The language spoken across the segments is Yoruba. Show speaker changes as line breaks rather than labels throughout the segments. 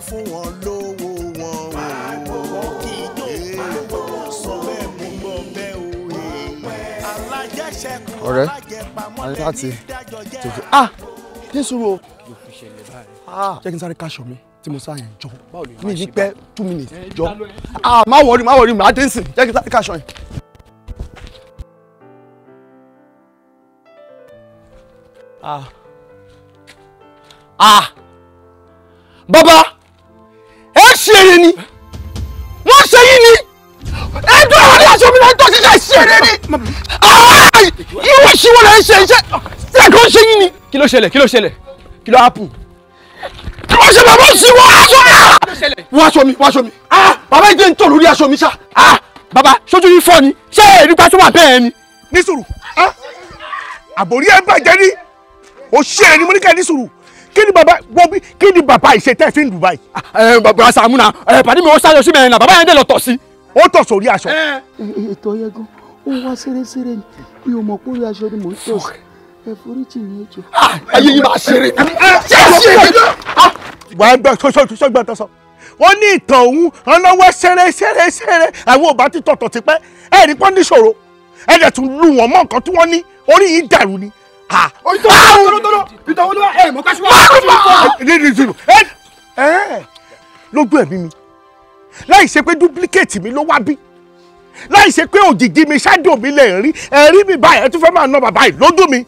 fún wọn lówó wọn o ìjó ìpàgbọ́ sọ bẹ́ẹ̀ mú gbọ́ bẹ́ẹ̀ o alájẹsẹ̀kù e. alájẹpamọ́ tẹ̀lé dájọ́ jẹ́ ah jésù o ah, jẹ́ kí n sáré káṣọ mi tí mo sá yẹn jọ mi ní pẹ́ two minutes jọ ah má wọrí má wọrí màá dé sìn jẹ́ kí n sáré káṣọ yẹn.
ah ah Baba wèrè ni wọ́n ṣe yín ni ẹjọ́ àwọn aṣọ
mi náà ń tọ́sí ṣe ṣeré ni irú ìṣíwọ́ náà ń ṣe iṣẹ́ ṣe kò ṣe yín ni. kí ló ṣẹlẹ̀ kí ló ṣẹlẹ̀ kí ló happen. kí wọ́n ṣe bàbá sí wọ́n aṣọ mi. wọ́n aṣọ mi wọ́n aṣọ mi bàbá ìdè ń tọ̀ lórí aṣọ mi ṣá bàbá sójú
yín fọ́ ni ṣé èrí pa tó wà bẹ́ẹ̀ ni. ní sùúrù àbòrí ẹ bàjẹ́ ni òṣèré ni mo ní ká ní sùúrù kí ni Baba wọ́n bí kí ni bàbá ìṣe tẹ́ fi ń Dubai. ẹ ah, eh, bàbá Sàámú ẹ eh, pàdé mi ó sáré sí mẹ́rin náà bàbá yẹn dẹ̀ lọ tọ̀ sí. ó tọ̀ sórí aṣọ. Eh.
ètò ọyẹ gan ó wá ṣeré-ṣeré ni bí o mọ̀ pé orí aṣọ ni mò ń tọ̀ sí ẹ foríjì ní ẹjọ́. Ah, ayé yìí máa ṣeré.
Ah, wàá gbọ́ sọ́gbọ́n tó sọ wọ́n ní ìtàn òun ọlọ́wọ́ ṣeré ṣeré ṣeré àwọn ò bá ti tọ̀tọ̀ tipẹ́ ẹ̀ẹ́dì pọ́n níṣòro ẹ̀ẹ́dẹ̀ tún lù wọ́n mọ́ nǹkan tí wọ́n ní orí yìí dàrú ni lójú ẹ̀mí mi láì ṣe pé duplicate mi ló wá bí láì ṣe pé òjijì mi ṣáàdùn mi lè rí ẹ̀rí mi báyìí ẹ tún fẹ́ máa ná bàbá yìí lójú mi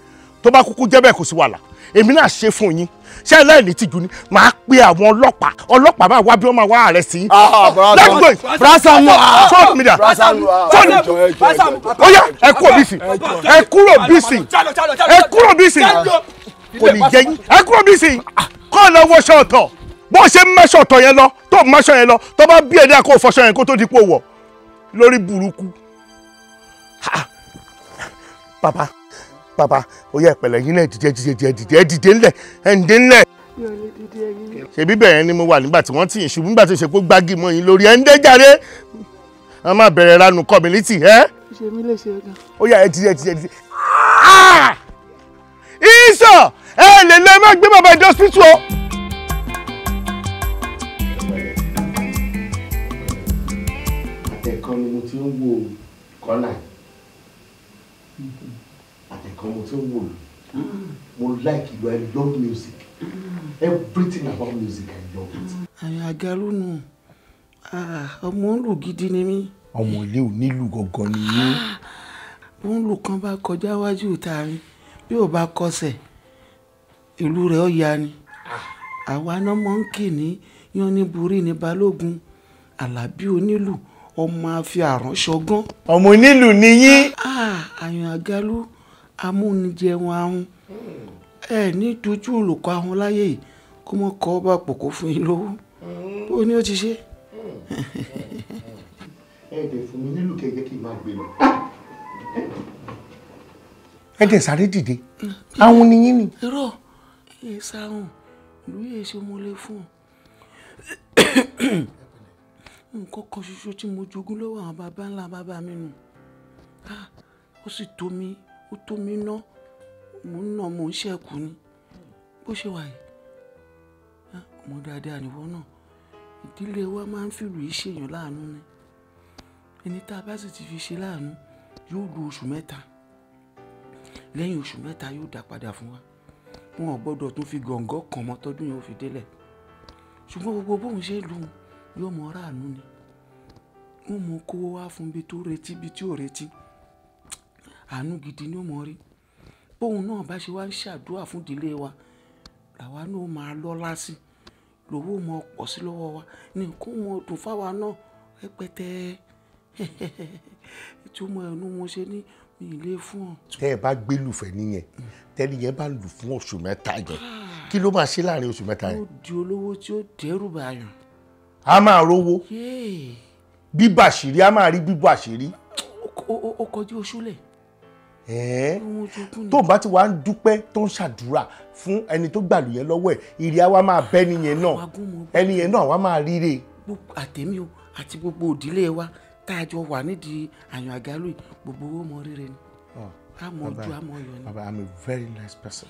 tó bá kúkú jẹ́ bẹ́ẹ̀ kò sí wàhálà èmi náà ṣe fún yín ṣé ẹlẹ́rìí tìjú ni màá pe àwọn ọlọ́pàá ọlọ́pàá bá wá bí wọ́n máa wá ààrẹ sí. Ah, ah, let's go brasamu fọ́ọ̀n mi dà fọ́ọ̀n ó yá ẹ kúrò bísì ẹ kúrò bísì ẹ kúrò bísì kò ní jẹ́ yín ẹ kúrò bísì kọ́ ọ lọ wọṣọ ọ̀tọ̀ bó ṣe ń mẹ́ṣọ̀ ọ̀tọ̀ yẹn lọ tó ń mẹ́ṣọ̀ yẹn lọ tó bá bí ẹ̀dá kó fọṣọ yẹn kó tó di pò wọ̀ lórí burúkú. bàbá bàbá ó yẹ ìpẹ̀lẹ̀ yín náà dìde dìde dìde dìde dìde ńlẹ̀ ẹ̀ ń dé ńlẹ̀. ṣebí bẹ̀rẹ̀ ni mo wà nígbà tí wọ́n tì yín ṣubú nígbà tó ṣe pé gbági mọ́ yín lórí ẹ̀ ń dé jàre wọ́n máa bẹ̀rẹ̀ ranù community ẹ́.
ṣe mí lè ṣe é gan.
ó yà ẹ dìde dìde dìde. Ah! ìsọ ẹ lè lọ ẹ má gbé bàbá ìjọ sí tu o.
ẹ̀kan ni mo ti ń wo kọ́nà yìí kan mo lò
mo like ìlú I love music everything about music I love it.
àyàn àgàlù nù ah, ọmọ ń lù gidi ni mí. ọmọ ilé ò nílù gangan ni yín. bó ń lù kan bá kọjá wájú ìta mi bí ò bá kọsẹ̀ ìlú rẹ̀ ó ya ni àwa náà mọ̀ ń kì ní yánníburí ní balógun alábí onílù ọmọ afi àránṣọgán. ọmọ onílù ni yín. àyàn àgàlù. Ah, amúnijẹun ahun ẹ ní dojú òrùkọ ahun láyé yìí kó mọ kọ ọba pòkó fún yín lówó ó ní ó ti ṣe.
ẹ dẹ̀ fún mi nílùú kẹ̀kẹ́ kí n máa gbé lọ. ẹ sáré dìde ahun ni ni.
irọ́ ẹ sáhùn lóye ṣe mo lè fún un nǹkan kan ṣoṣo tí mo jogún lọ́wọ́ àwọn baba ńlá bàbá mi nù ah, ó sì tó mi ó tó mi ná mò ń ná mò ń ṣẹ́kù ni bó ṣe wà yìí ọmọ dáadáa nìwọ náà ìdílé wa máa ń fìlú yìí ṣèyàn láàánú ni ẹni tá a bá sì ti fi ṣe láàánú yóò lu oṣù mẹ́ta lẹ́yìn oṣù mẹ́ta yóò dá padà fún wa wọn ò gbọ́dọ̀ tún fi gọ̀ǹgọ́ kàn mọ́ tọdún yẹn ó fi délẹ̀ ṣùgbọ́n gbogbo bóun ṣe lù ú yóò mọ aráàánú ni wọn mọ kówó wá fún bí tó retí bí tí ò retí àánú gidi ni ó mọ̀ rí bóun náà bá ṣe wá ń ṣàdúrà fún ìdílé wa làwa náà máa lọ́lá sí lówó mọ pọ̀ sí lọ́wọ́ wa ní nǹkan mọ dùn fáwa náà rẹpẹtẹ ìtumọ̀ ẹnu wọn ṣe ní mi ì lè fún ọ.
tẹ ẹ bá gbé lùfẹ́ nìyẹn tẹni yẹn bá lù fún oṣù mẹ́ta yẹn ah. kí ló máa ṣe láàrin oṣù mẹ́ta yẹn. ó
di olówó tí ó dẹ́rù bàyàn.
a máa rówó bíbàṣírí a máa rí bíbàṣírí.
ó kọjú oṣù lẹ̀ tó
bá ti wá ń dúpẹ́ tó ń ṣàdúrà fún ẹni tó gbàlùyẹ lọ́wọ́ ẹ̀ ìrì àwa máa bẹ́ nìyẹn náà ẹni yẹn náà àwa
máa ríre. àtẹ̀mí o àti gbogbo òdílé wa tá a jọ wà nídìí àyàn àgálù gbogbo owó mọ rírẹ ni oh, amọ̀jú amọ̀yọ̀ ni. Baba, I'm a very nice person.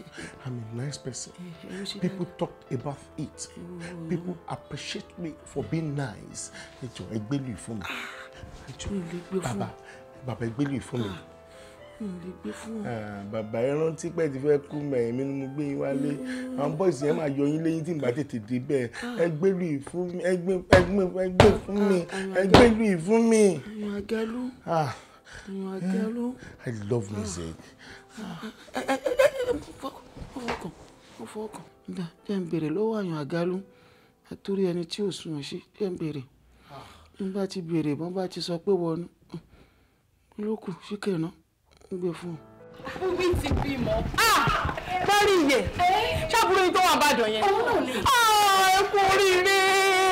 I'm a nice person. Eh, eh, People talk about it. Eh, oh, oh, People
appreciate me for being nice. Ẹ jọ̀ọ́ ẹ gbé lù fún mi. Baba, ah, baba ẹ gbé lù
Hmm, lè gbé fún ọ.
Ah, bàbá ẹ rántí pé ti fẹ́ kú mẹ̀mí ni mo gbé yín wálé hmm. àwọn bọ́ìsì yẹn máa yọ yín léyìn tí n bá tètè débẹ̀ ah. ẹ gbé lu ìfún mi ẹ gbé ẹ gbé fún mi ah, ẹ gbé lu ìfún mi. ìwà gẹ́lú
ìwà gẹ́lú. I love music. fọwọ́kàn fọwọ́kàn nígbà jẹ́ ń béèrè lọ́wọ́ àyàn àgálú àtúrí ẹni tí ò sunwọ̀n sí jẹ́ ń béèrè nígbà tí béèrè bọ́n bá ti sọ pé wọnú hmm, lókù síkẹ̀ náà ń gbé fún un.
Wúmi ti bímọ. Bọ́rí ah! iye, ṣàbúrò yìí tó wà bàdàn yẹn. Ah, ẹ kú oríire,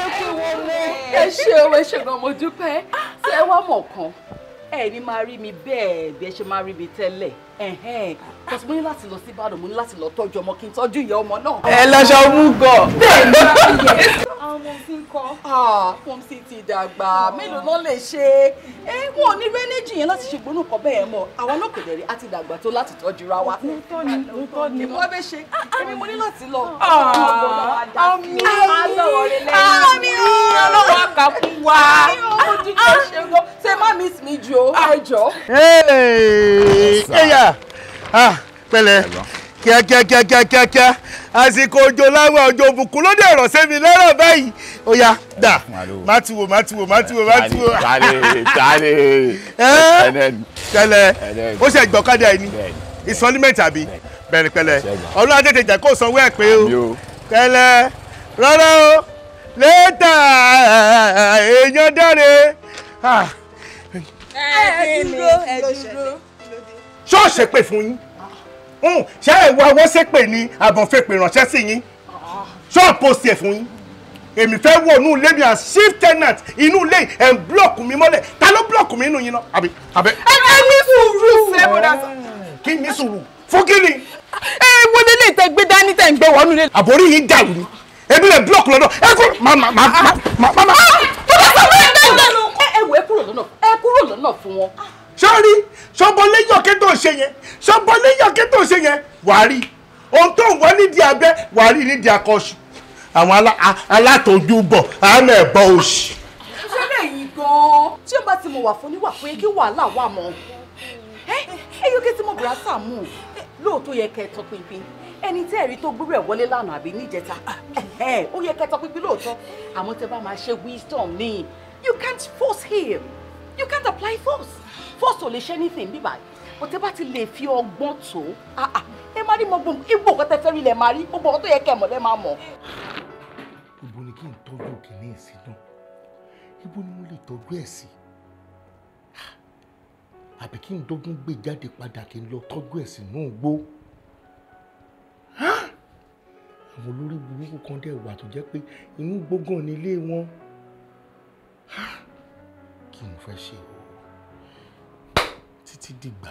ẹ kú ìwọ mọ. Ẹ ṣe o, ẹ ṣe gan mo dúpẹ́. Ṣé ẹ wá mọ̀ kan? Ẹ ní máa rí mi bẹ́ẹ̀ bí ẹ ṣe máa rí mi tẹ́lẹ̀ because mo ní láti lọ sí Ìbàdàn mo ní láti lọ tọ́jú ọmọ kí n tọ́jú ìyá ọmọ náà. ẹ lọ́sọ̀ mú gọ̀. bẹ́ẹ̀ ni àwọn ọmọ sí ń kọ́. àwọn ah, sì ti dàgbà mélòó náà lè ṣe é wọn ò ní rẹ́nẹ́jì yẹn láti ṣe gbónú kan bẹ́ẹ̀ mọ̀ àwọn olókèdè rí àti dàgbà tó láti tọ́jú ra wa. òótọ́ ni òótọ́ ni. ìmọ̀ bẹ́ẹ̀ ṣe èmi mo ní láti lọ. Ah, ah, àmì àmì ọlọ́wọ́ kàkú wa. àmì ọmọ dídí ṣe ń gbọ́ ṣe má miss mi jù ó ẹjọ́.
ẹ̀ẹ́dẹ̀ẹ́yà. ah pẹ̀lẹ́ kíákíákíákíá àsìkò òjò láwẹ̀ òjò òbùkún ló ọ̀rọ̀ sẹ́mi lọ́rọ̀ báyìí ó yá dà má ti wò má ti wò má ti ó ṣe gbọ́kadà ẹ̀ àbí bẹ̀rẹ̀ ọlọ́run àtẹ̀tẹ̀ jẹ́ kó sanwó ẹ̀ pé o tẹ́lẹ̀ rárá o lẹ́tà èèyàn dáre.
ẹ ẹ
ṣọ́ọ̀ṣì pè fún yín hmm, ṣé ẹ̀wọ̀ àwọn ṣépè ni àbọ̀fẹ́pè ránṣẹ́ sí yín ṣọ́ọ̀pù ṣe fún yín èmi fẹ́ wọ inú ilé mi as chief tenant inú ilé ẹ̀ ń blọ́ọ̀kù mi mọ́lẹ̀ ta ló blọ́ọ̀kù mi nínú yín náà àbí àbẹ. ẹ ẹ ní sùúrù sẹ́wọ̀dà sọ. kí ni sùúrù fún kí ni. ẹ wọlé lè tẹ gbé dání tẹ ń gbé wọnú ilé. àbórí yìí dàrú ni ebi lè blọ́ọ̀kù lọ́dọ̀ ẹ kúrò má má má má má. ẹ
ẹ wọ ẹ kúrò lọ́nà ẹ kúrò lọ́nà
fún wọn sọ́rí sọ́bọ̀léyọ̀kẹ́ tó ṣe yẹn sọ́bọ̀léyọ̀kẹ́ tó ṣe yẹn wàá rí ohun tó ń wọ́n nídìí abẹ́ wàá rí nídìí akọ́ṣù àwọn alátọ́jú bọ̀ àmọ́ ẹ̀bọ òṣì.
ṣé lẹ́yìn gan-an tí ó bá ti mọ̀ wà fún níwà fún yẹn kí wàhálà wà mọ́ ẹyọ kí tí mo bùrà sàmù lóòótọ́ yẹ kẹ́ ẹ tọpinpin ẹni tẹ́ ẹ̀rí tó gbúrú ẹ̀ wọlé lánàá àbí níjẹta ó yẹ kẹ́ ẹ tọpinpin lóòótọ́ àmọ́ tẹ́ bá máa ṣe wisdom ni you can't force him you can't apply force force ò lè ṣe anything bíbá ọtẹ bá ti lè fi ọgbọ́n tó ah, ah, ẹ má rí mọ gbogbo igbó kọtẹ fẹ́ rí lẹ máa rí gbogbo ọkọ tó yẹ kẹ́ mọ̀ lẹ máa mọ̀.
ibo ni kí n tọ́jú kìíní èsì náà ibo ni mo lè tọ́jú ẹ̀ sí ah, àbí kí n dọ́gbọ́n gbé jáde padà kí n lọ tọ́jú ẹ̀ sínú igbó àwọn olórí burúkú kan dẹ̀ wà tó jẹ́ pé inú gbógàn nílé wọn kí n fẹ́ ṣe o títí dìgbà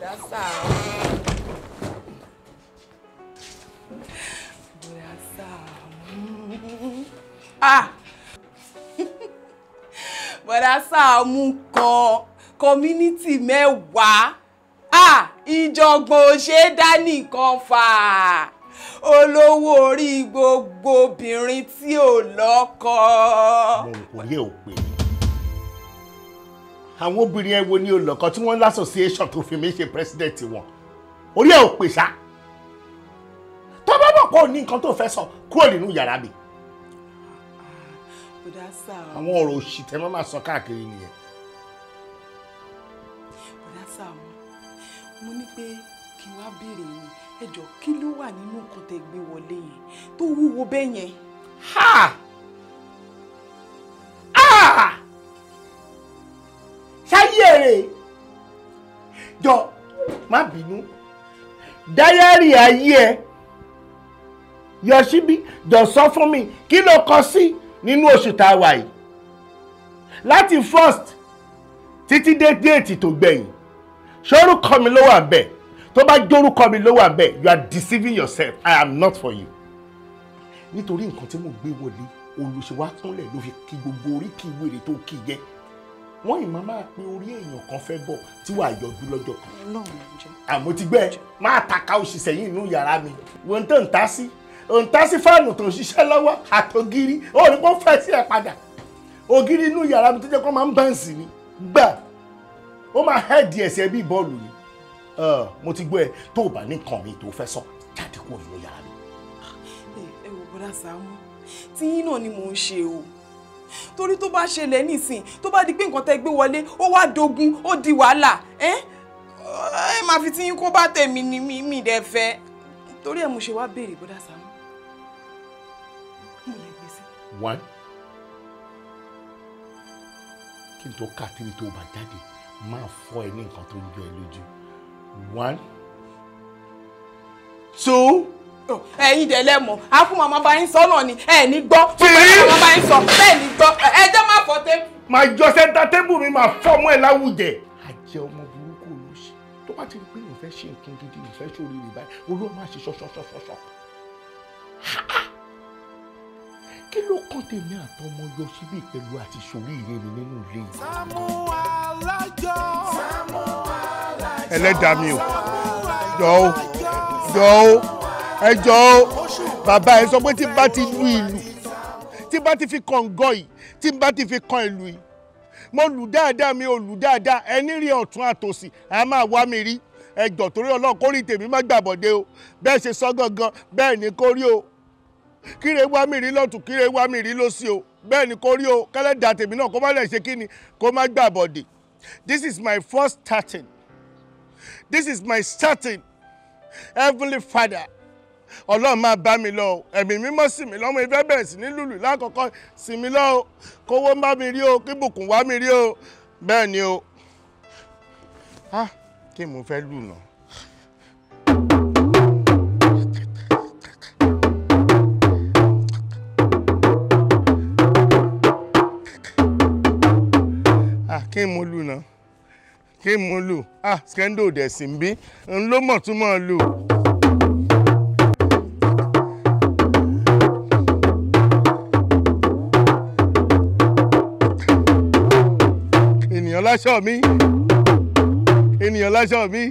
bọ̀dá Sàámú ah! kan community mẹ́wàá ìjọ̀gbọ̀n ṣe dánìkan fà olówó orí gbogbo obìnrin tí ò lọ́kọ.
mo n kò yẹ òpè àwọn obìnrin ẹ wo ni olùkọ́ tí wọ́n ń l'association tó fi mí ṣe president wọn orí ẹ ò pè sá tó bá bọ̀ pọ̀ ní nǹkan tó fẹ́ sọ kúrò nínú yàrá mi. àwọn ọ̀rọ̀ òṣì máa sọ káàkiri
nìyẹn. béèrè ni ẹ jọ kí ló wà nínú nǹkan tẹ́ gbé wọlé yẹn tó wúwo bẹ́ẹ̀ yẹn.
ṣáyé èrè jọ má bínú dáyárì ayé ẹ yọ síbí jọ sọ fún mi kí ló kọ sí nínú oṣù tá a wà yìí láti first títí dé déètì tó gbẹ̀yìn ṣorúkọ mi ló wà bẹ́ẹ̀ tó bá jórúkọ mi ló wà bẹ́ẹ̀ you are deceiving yourself i am not for you. nítorí nǹkan tí mo gbé wọlé olùṣèwà kúnlẹ̀ ló fi kí gbogbo orí kí wèrè tó kí jẹ́ wọ́n ìmọ̀ máa pe orí èèyàn kan fẹ́ bọ̀ tí wàá yọjú lọ́jọ́
kan.
àmọ́ ti gbẹ́ máa taka òṣìṣẹ́ yìí nínú yàrá mi wọ́n tẹ̀ ń ta sí ń ta sí fáànù tó ń ṣiṣẹ́ lọ́wọ́ àtògiri ó ní kó fẹ́ sí ẹ̀ padà ògiri inú yàrá mi tó jẹ́ kó máa ń bẹ́ǹsì ni gbà ó máa hẹ́ẹ̀dì ẹ̀sẹ̀ bíi bọ́ọ̀lù ni Eh, mo ti gbọ́ ẹ tó o bá ní nǹkan mi tó fẹ́ sọ jáde kúrò nínú yàrá mi.
ẹ wò bọ́dà Sàámú tí yín náà ni mò ń ṣe o torí tó bá ṣẹlẹ̀ nísìn tó bá di pé nǹkan tẹ́ gbé wọlé ó wá dogun ó di wàhálà ẹ ẹ máa fi tí yín kó bá tèmi ni mi dẹ̀ fẹ́ torí ẹ̀ mo ṣe wá béèrè bọ́dà Sàámú
one kí n tó kà tí mi tó bá jáde máa fọ ẹ ní nǹkan tó ń gbé ẹ lójú one
two. ẹ̀yin dẹ̀ lẹ́mọ̀ á fún màmá bá yín sọ náà ni ẹ̀ ní gbọ́ fún màmá bá yín sọ bẹ́ẹ̀ ní gbọ́ ẹ jẹ́ máa fọ tébù. màá jọ sẹ́ńtà
tébù mi máa fọ́ ọmọ ẹ̀ láwùjẹ. àjẹ ọmọ burúkú ló ṣe tó bá ti rí pé ìfẹ́ ṣe nǹkan gidi ìfẹ́ ṣòrí rẹ̀ báyìí olú ọmọ àṣẹ ṣọṣọṣọṣọ. kí ló kàn tèmi àtọmọ yọ síbí pẹ̀lú àti ṣòrí ìrẹ́ mi nínú ilé yìí. Sàámú alájọ. Sàámú ẹlẹ́dàá mi o jọ o jọ o ẹ jọ o bàbá ẹ sọ pé tí bá ti lu ìlú tí bá ti fi kọ̀ǹgọ́ yìí tí bá ti fi kan ìlú yìí mo lù dáadáa mi ò lù dáadáa ẹni rí ọ̀tún àtòsí a máa wá mi rí ẹjọ̀ torí ọlọ́run kórìí tèmi má gbàbọ̀dé o bẹ́ẹ̀ ṣe sọ gangan bẹ́ẹ̀ ni kórí o kíre wá mi rí lọ́tún kíre wá mi rí lọ́sí o bẹ́ẹ̀ ni kó rí o kẹ́lẹ́ da tèmi náà kó má lè ṣe kí kó má gbàbọ̀dè this is my first starting this is my starting heavenly father ọlọ́run máa bá mi lọ ẹ̀mí mímọ́ sì mí lọ́mọ ìfẹ́ bẹ̀rẹ̀ sí ní lùlù lákọ̀ọ́kọ́ sì mí lọ o kówó ń mi rí o kí wá mi rí o bẹ́ẹ̀ ni o kí mo fẹ́ lù kí mo lù kí n mú lù ah skendo dẹ̀sìn bí n ló mọ̀ tún mọ̀ lù. ènìyàn láṣọ mi ènìyàn láṣọ mi.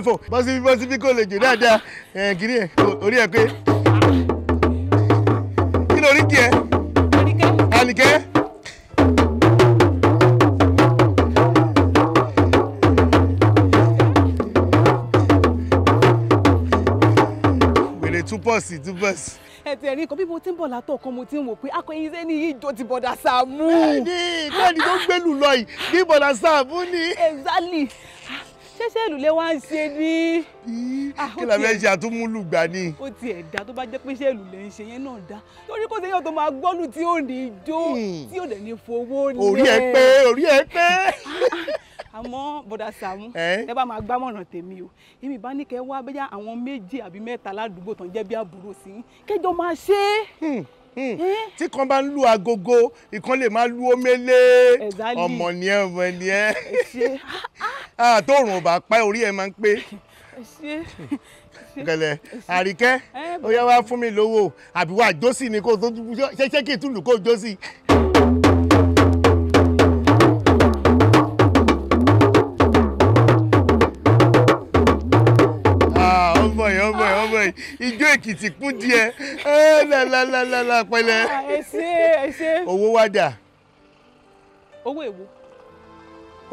bá fò bọ́sí bí bọ́sí bí kò lè jò dáadáa ẹ̀ ẹ̀ orí ẹ̀ pé kí lórí tiẹ̀ àlìkẹ́. wèrè tún pọ̀sì tún pọ̀sì
ẹ̀tẹ̀ ẹ̀rín kan bí mo ti ń bọ̀ látọ̀kan mo ti ń wò pé akọ̀yìn sẹ́ni yìí jọ ti bọ̀dà Sàámú. bẹ́ẹ̀ni bẹ́ẹ̀ni tó gbẹ́lù lọ yìí bí bọ̀dà Sàámú ni. exactly ṣẹ́ṣẹ́ ìlú lè wá ń ṣe ní. Ah, kí la fẹ́ ṣe
àtúmúlùgbà ni.
ó ti ẹ̀ dá tó bá jẹ́ pé ṣẹ́ ìlú lè ń ṣe yẹn náà dá torí kò sẹ́yìn tó máa gbọ́lù tí ò ní jó hmm. tí ò dẹ̀ ní fowó lé. orí ẹ pé orí ẹ pé. àmọ́ bọ̀dà Sàámú ẹ bá máa gbámọ̀ràn tèmi o èmi bá ní kẹ́ wá bẹ́yà àwọn méjì àbí mẹ́ta ládùúgbò tán jẹ́ bí àbúrò sí kẹjọ máa ṣe é. Hmm. Hmm. Hmm? tí kan bá ń lu
agogo ìkan lè máa lu omele ọmọ ni ẹ ọmọ ni ẹ àtọrùn ah, ò bá pa orí ẹ máa ń pé gẹlẹ àríkẹ́ ó yẹ wá fún mi lówó àbí wàá jósì ni kó tó ṣẹṣẹ kí n tún lù kó jósì. ijó èkìtì kú díẹ̀ eh, lálálálálá pẹ̀lẹ́. Ah, ẹ ṣé ẹ ṣé. owó wá dà. owó èwo.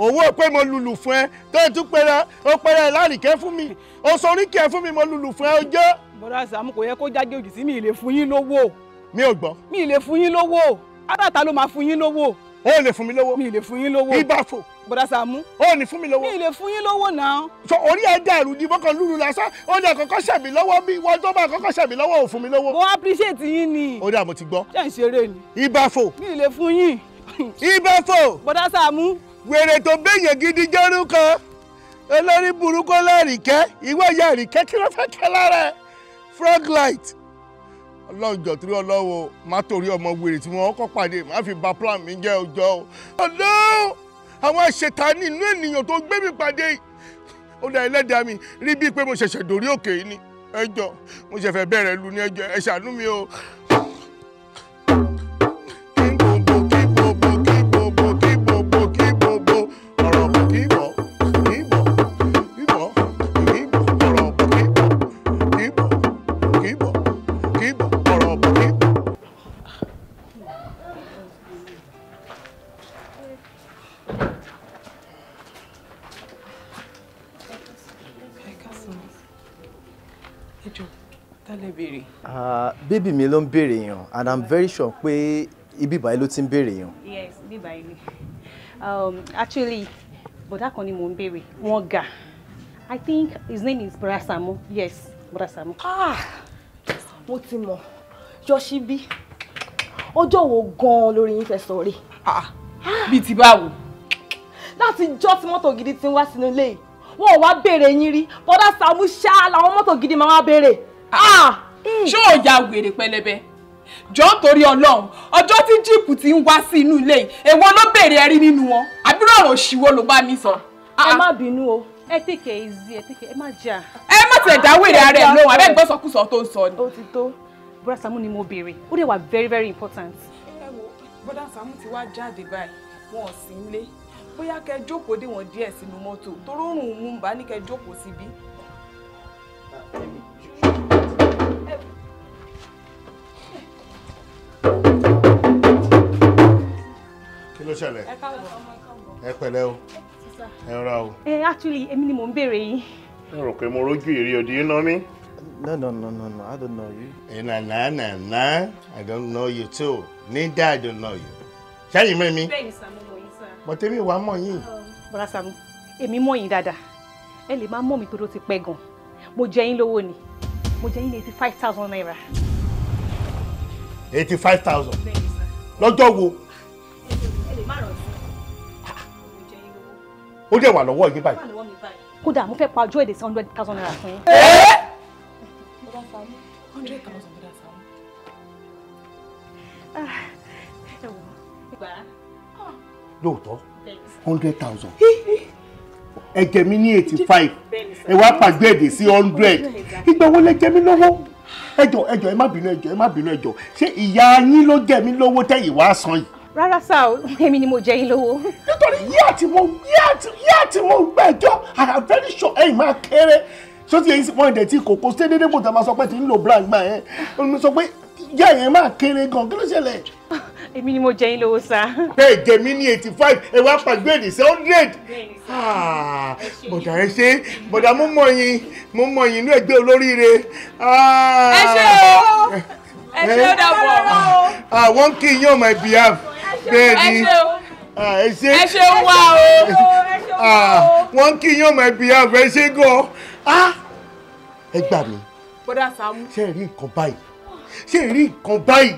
owó pé mo lùlù fún ẹ tó o tún pẹrẹ o pẹrẹ lárìkẹ́ fún mi o sọ oríkẹ́ fún mi mo lùlù fún ẹ o jẹ́.
bọ́dà Sàámú kò yẹ kó jáde òjì sí mi ì lè fún yín lówó. mi ò gbọ́. mi ì lè fún yín lówó. adáta ló máa fún yín lówó o lè fún mi lówó. mi lè fún yín lówó. ibà fò. bọ̀dá Sàámú. o ní fún mi lówó. mi lè fún yín lówó náà. sọ orí ẹ dàrú ní bọ́kàn lúlu lásán ó ní àkọ́kọ́ ṣẹ̀ mí lọ́wọ́ bí
wọ́n tó bá àkọ́kọ́ ṣẹ̀ mí lọ́wọ́ ò fún mi lówó. mo appreciate yín ni. ó dà ti gbọ́. ṣé ń ṣeré ni. ibà fò. mi lè fún yín. ibà fò. bọ̀dá Sàámú. wèrè tó béèyàn gidi jẹ́rú kan olórí burúkú lárìkẹ́ ìwé ìyá àrìkẹ́ kí ló fẹ́ kẹ́ lára frog light ọlọ́njọ́ torí ọlọ́wọ́ má torí ọmọ wèrè tí wọ́n kọ́ pàdé má fi ba plan mi jẹ́ ọjọ́ o. ọ̀dọ́ àwọn àṣetánì inú ènìyàn tó gbé mi pàdé ó dá ẹlẹ́dàá mi rí bíi pé mo ṣẹ̀ṣẹ̀ dórí òkè yìí ni ẹjọ́ mo ṣẹ̀fẹ̀ bẹ̀rẹ̀ lu ní ẹjọ́ ẹ ṣàánú mi o.
bébì mi ló ń béèrè yàn and i'm very sure pé ibi ìbáyé ló ti ń béèrè yàn. yes ibi ìbáyé ni um, actually bọ̀dá kan ni mò ń béèrè wọ́n ga i think his name is brasamu yes brasamu. ah mo ti mọ̀ yọ̀ṣíbí ọjọ́ wo gan-an lórí yín fẹ́ sọ rè. Ah! Ah! bíi ti báwo. láti jọ́ tí mọ́tò gidi ti ń wá sínú ilé yìí wọn ò wá béèrè yín rí bọ́dá Sàámú ṣáá làwọn mọ́tò gidi máa wá béèrè. Ah! Hmm. ṣé ò ya wèrè pẹlẹbẹ John, nítorí Ọlọ́run ọjọ́ tí jíìpù ti ń wá sí inú ilé yìí èwo ló béèrè ẹrí nínú wọn àbúrò ọ̀rọ̀ òṣìwò ló bá mi sọ. ẹ ah, ah. má bínú o ẹ tèkè èzì ẹ tèkè ẹ má jà. ẹ má tẹ̀ dáwọ́ ara ẹ̀ lóhùn abẹ́ ìgbọ́sọkúsọ tó ń sọ ni. ó ti tó bọ́dà Sàámú ni mo béèrè ó dẹ̀ wà very very important. ẹ wo bọ́dà Sàámú ti wá jáde báyìí wọn ò sí nílé bóyá kẹ jókòó dé wọn díẹ̀ sínú mọ́tò torórùn mú bá ní kẹ jókòó síbí. Ah,
kí ló ṣẹlẹ̀ ẹ pẹ̀lẹ́ o ẹ rọra o.
ẹ eh, actually èmi ni mò ń béèrè yìí.
mo rò pé mo rójú èrè òdì yín mi. No, no, no, no, no, I don't know you. Eh, nah, nah, nah, nah, I don't know you too. Neither I don't know you. Ṣé yìí mọ̀ mi?
Bẹ́ẹ̀ni Sàmú mọ̀ yín sá.
Bọ̀dé mi wàá mọ̀ yín. Oh.
Bọ̀dá Sàmú, èmi mọ̀ yín dáadáa. Ẹ lè máa mọ̀ mi tó tó ti pẹ́ gan. Mo jẹ yín lówó ni. Mo jẹ yín ní eighty five thousand naira
eighty five thousand lọ́jọ́ wo. ó dẹ̀ wà lọ́wọ́ yín báyìí.
kódà mo fẹ́ pa ọjọ́ èdè sí hundred thousand naira fún yín. hundred thousand naira fún
lóòótọ́ hundred thousand
ẹ jẹ mí ní eighty five ẹ wá pàjọ́ èdè sí hundred ìgbà wo lẹ jẹ mí lọ́wọ́ ẹjọ ẹjọ ẹ má bínú ẹjọ ẹ má bínú ẹjọ ṣé ìyá yín ló jẹ mí lówó tẹ ìwà san yìí.
rárá sá o èmi ni mo jẹ yín lówó. nítorí yíyá tí mo yíyá tí yíyá tí mo
gbẹjọ ara very sure ẹ̀yin máa kéré sọtí ẹ̀yin sì wọn ẹdẹ tí kò kó sí dédé bòtá máa sọ pé tí ń lo brand gbà yẹn olùmí sọ pé yíyá yẹn máa kéré gan kí ló ṣẹlẹ̀ èmi ni mo jẹ yín lówó sá. bẹ́ẹ̀ jẹ mí ní eighty five ẹ wá pàgbé ní sí hundred. bọ̀dà ah, ẹ ṣe bọ̀dà mo mọ yín mo mọ yín inú ẹgbẹ́ olóríire. Ah. ẹ ṣe o ẹ ṣe o dàbọ̀. wọ́n kí yín on my behalf
bẹ́ẹ̀ ni ẹ ṣe
ah, ẹ ṣe ń wá o. wọ́n kí yín on my behalf ẹ ṣe gan-an. ẹ gbà mí. bọ́dà Sàámú. ṣé ẹ rí nǹkan báyìí ṣé ẹ rí nǹkan báyìí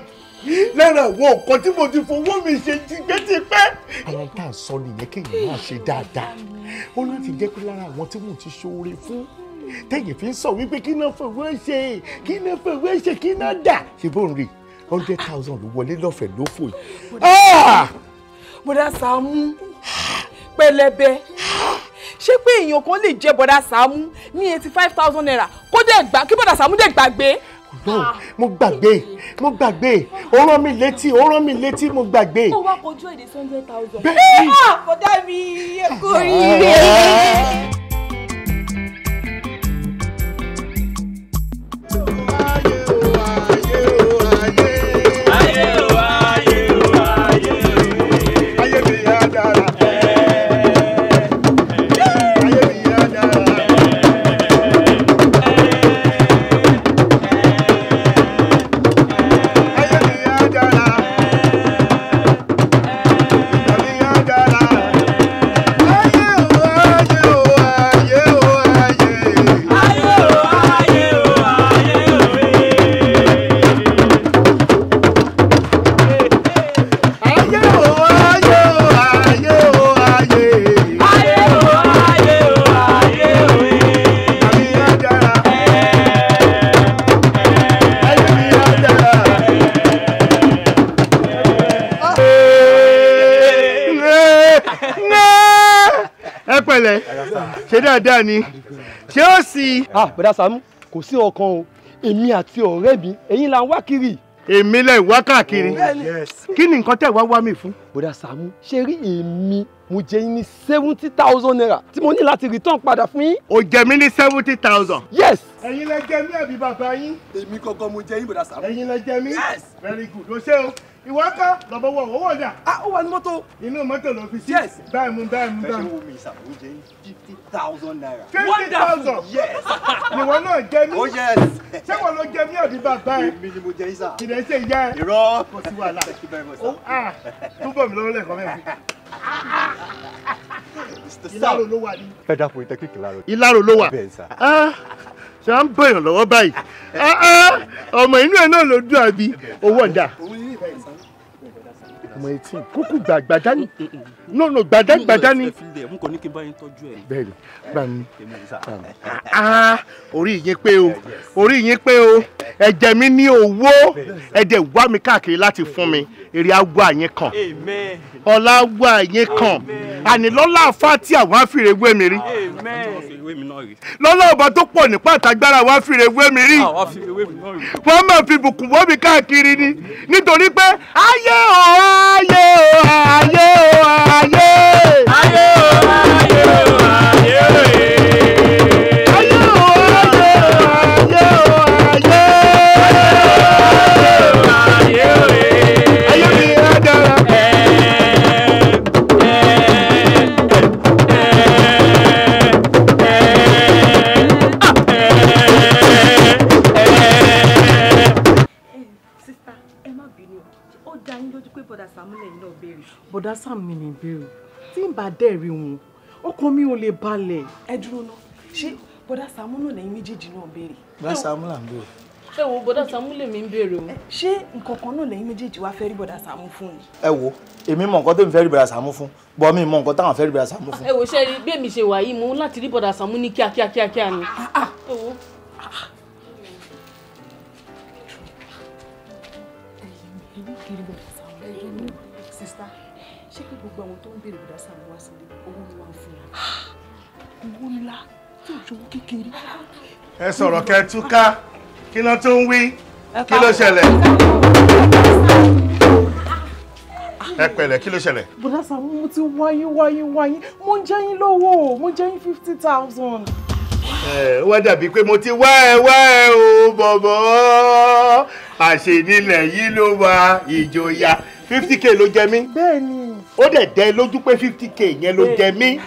lára àwọn nǹkan tí mo ti fowó mi ṣe tipẹ́tipẹ́. àwọn tá à ń sọ nìyẹn kéèyàn máa ṣe dáadáa ó láti jẹ́ pé lára àwọn tí mo ti ṣoore fún tẹ̀yìn fi ń sọ wípé kí náà fowó ṣe kí náà fowó ṣe kí náà dà ṣe bó ń rí hundred thousand ló wọlé lọ́fẹ̀ẹ́ lófò yìí.
Ah! bọ́dà Sàámú pẹlẹbẹ ṣé pé èèyàn kan lè jẹ bọ́dà Sàámú ní eighty five thousand naira kó dẹ̀ gbà kí bọ́dà Sàámú dẹ̀ gbàgbé no ah.
mo gbàgbé mo gbàgbé ó rán mi létí ó rán mi létí mo gbàgbé. tó
wá kojú èdè hundred thousand. bẹ́ẹ̀ ni kò ah, dá mi rí rẹ̀. Ah.
ṣé dáadáa ni ṣé ó sì. Ah, bàdá Sàámú kò sí ọkàn o èmi àti ọ̀rẹ́ mi ẹ̀yin là ń wá kiri. èmi lẹ wá káàkiri oh, kí ni nǹkan tẹ̀ wá wá mi fún. bàdá Sàámú ṣe rí èmi mo jẹ yín ní seventy thousand naira tí mo ní láti return padà fún yín. o jẹ mí ní seventy thousand. yes. ẹ̀yin lẹ jẹ mí àbí bàbá yín. èmi gangan mo jẹ yín bàdá Sàámú. ẹ̀yin lẹ jẹ mí. yes. very good o ṣé o ìwọ ká lọ́bọ̀wọ̀ owó ọjà. a ó wà ní mọ́tò. inú mọ́tò ló fi sí. yes báyìí mú báyìí mú báyìí fẹsẹ̀ wo mi ìsàwọ̀ oúnjẹ fifty thousand naira. fifty thousand yes. ìwọ náà jẹ mí. oh yes. ṣé wọn ló jẹ mí àbí bàbá ẹ. èmi ni mo jẹ isa. kìdẹ̀ ṣe ìyá ẹ. irọ́ kò sí wàhálà. túbọ̀ mi lọ́wọ́ lẹ́kọ̀ọ́ mẹ́rin. ìlàrò ló wà ní. ẹ dàpọ̀ ìtẹ́kìkì láàrọ̀. ìlàrò ló wà. bẹ́ẹ̀ sà ṣe à ń bẹ̀yàn lọ́wọ́ báyìí ah, ah, ọmọ inú ẹ̀ náà ló dùn àbí owó ọ̀dà ọmọ etí kúkú gbàgbà dání no no gbàdá gbàdá ni. mo kò ní kí n bá yín tọ́jú ẹ̀. Ah, ah, orí yín pé o orí yín pé o ẹ̀jẹ̀ mi ní owó ẹ̀jẹ̀ wá mi káàkiri láti fún mi èrè agbo àyín kan ọ̀la agbo àyín kan ànilọ́lá afá tí àwọn afirewé mi rí lọ́lá ọba tó pọ̀ nípa àtàgbára àwọn afirewé mi rí wọ́n máa fi bùkún wọ́ mi káàkiri ni nítorí pé ayé o ayé o ayé o ayé. ayé o ayé o.
dẹ́ rí wọn ọkàn mi ò lè balẹ̀. ẹ dúró ná ṣé bọ́dá Sàámú náà lẹ́yìn méjèèjì náà béèrè. bọ́dá Sàámú là ń béèrè. ẹ wo bọ́dá Sàámú lèmi ń béèrè o. ṣé nǹkan kan náà lẹ́yìn méjèèjì wá fẹ́ rí bọ́dá Sàámú fún ni.
ẹ wo èmi mọ nǹkan tó ń fẹ́ rí bọ́dá Sàámú fún bọ́ mi mọ nǹkan táwọn fẹ́ rí bọ́dá Sàámú fún. ẹ
wo ṣe rí bẹ́ẹ̀ mi ṣe wà yìí mo láti rí bọ́dá Sàámú ní kíákíá kíákíá ni. ẹ wo gbogbo àwọn tó ń béèrè bùdá sàmú wá sílé owó ló wà fún wa. owó ńlá tí ò ṣòwò kékeré.
ẹ sọ̀rọ̀ kẹ́ ẹ túká kí ló tó ń wí kí ló ṣẹlẹ̀. ẹ pẹ̀lẹ́ kí ló ṣẹlẹ̀.
bùdá mo ti wáyé wáyé wáyé mo ń jẹ́ yín lówó mo jẹ́ yín fifty thousand
ó wá dàbí pé mo ti wá ẹ wá ẹ o bọ̀bọ̀ àṣẹ nílẹ̀ yìí ló wà ìjòyà fifty k ló jẹ mí. bẹ́ẹ̀ ó dẹ̀ dẹ́ lójú pé fifty k yẹn ló jẹ mí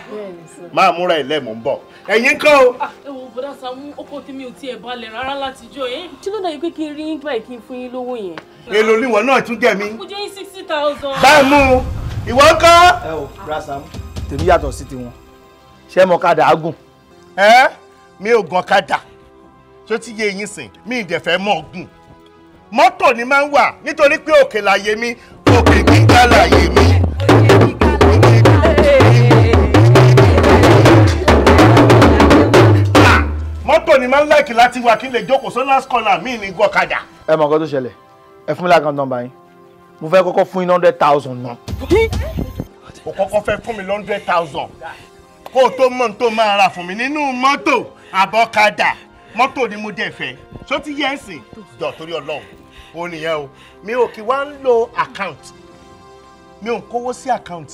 máa múra ẹ̀ lẹ́mọ̀ ń bọ̀ ẹ̀yin ah, kọ́ o.
ewu bọ́dá Sàámú ọkọ tí mi ò tiẹ̀ balẹ̀ rárá látijọ́ ẹ̀. tí ló dà yìí pé kí n rí yín báyìí kí n fún yín lówó yẹn. èlò oníwọ̀n náà
tún jẹ mí. mo
jẹ́ yín sixty thousand. báyìí mú
ìwọ kọ́. ẹ o bọ́dá Sàámú tèmi yàtọ̀ sí tiwọn ṣé mo kadà á gùn. ẹ mi ò gan kadà tó ti yé yín sìn mi ìdẹ̀fẹ́ mọ̀ gùn mọ́tò ni máa ń wà nítorí pé òkè láyé mi òkè gíga láyé mi. mọ́tò ni máa ń láìkì láti wà kí n lè jókòó sọ́nà skọ́nà mi ní gọ́kadà. ẹ mọ nǹkan tó ṣẹlẹ̀ ẹ fún mi lákan nọ́mbà yín mo fẹ́ kọ́kọ́ fún yín hundred thousand náà. o kọ́kọ́ fẹ́ fún mi hundred thousand kó o tó mọ̀ tó máa ra fún mi nínú mọ́tò àbọ̀kadà mọ́tò ni mo dẹ̀ fẹ́ ṣó ti yẹ ẹ̀sìn jọ torí ọlọ́run o nìyẹn o mi ò kí wá ń lo account mi ò ń kówó sí account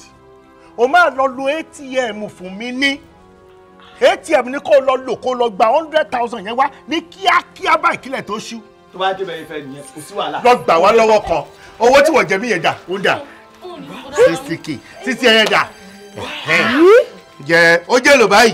o máa lọ lo atm fún mi ní atm ní kó lọ lò kó lọ gba hundred thousand yẹn wá ní kíákíá báyìí kílẹ̀ tó ṣú. tó bá débẹ̀ ìfẹ́ nìyẹn kò sí wàhálà. lọ gbà wá lọ́wọ́ kan owó tí wọ́n jẹ mí yẹn dà ó dà sixty k Sixty ẹ̀yẹ dà jẹ ó jẹ lò báyìí